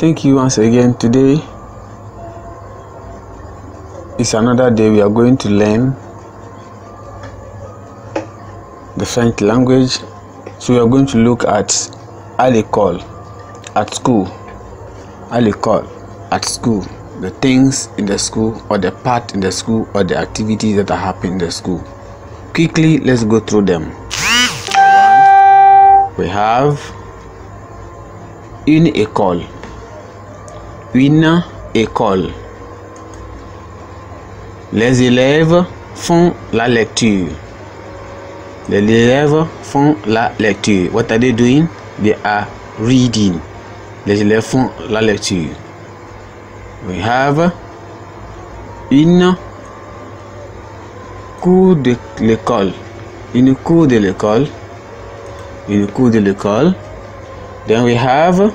thank you once again today is another day we are going to learn the french language so we are going to look at alicol at school alicol at school the things in the school or the part in the school or the activities that are happening in the school quickly let's go through them we have in a call une école. Les élèves font la lecture. Les élèves font la lecture. What are they doing? They are reading. Les élèves font la lecture. We have une cour de l'école. Une cour de l'école. Une cour de l'école. Then we have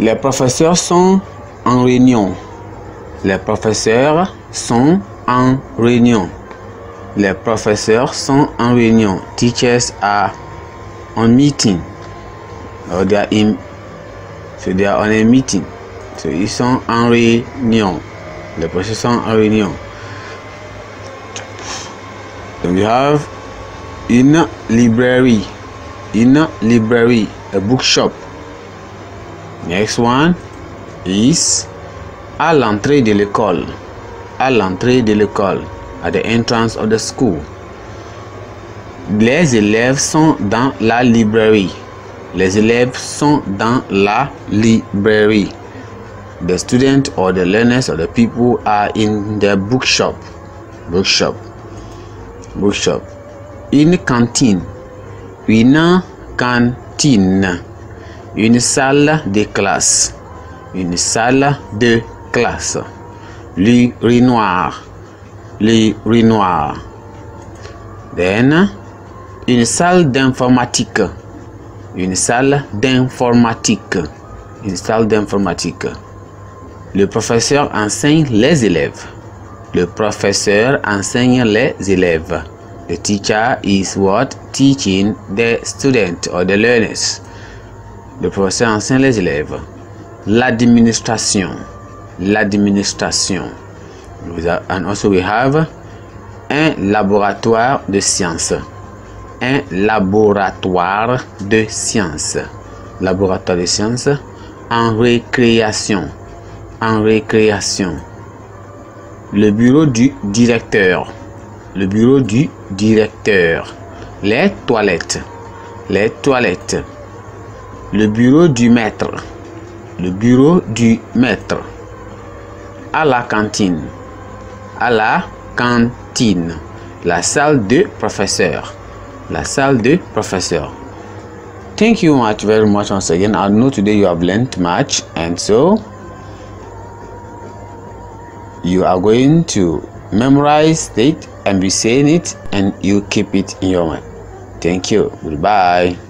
les professeurs sont en réunion. Les professeurs sont en réunion. Les professeurs sont en réunion. Teachers are on meeting. they are in, so they on a meeting. ils sont en réunion. Les professeurs sont en réunion. we have in library. In library, a bookshop. Next one is à l'entrée de l'école. À l'entrée de l'école. At the entrance of the school. Les élèves sont dans la librairie. Les élèves sont dans la librairie. The students or the learners or the people are in the bookshop. Bookshop. Bookshop. Une cantine. Une cantine une salle de classe, une salle de classe, Le l'urinoir. Then, une salle d'informatique, une salle d'informatique, une salle d'informatique. Le professeur enseigne les élèves. Le professeur enseigne les élèves. The teacher is what teaching the student or the learners. Le professeur enseigne les élèves. L'administration. L'administration. And also we have un laboratoire de sciences. Un laboratoire de sciences. Laboratoire de sciences en récréation. En récréation. Le bureau du directeur. Le bureau du directeur. Les toilettes. Les toilettes le bureau du maître, le bureau du maître, à la cantine, à la cantine, la salle de professeur, la salle de professeur. Thank you much very much once again. I know today you have learned much and so you are going to memorize it and be saying it and you keep it in your mind. Thank you. Goodbye.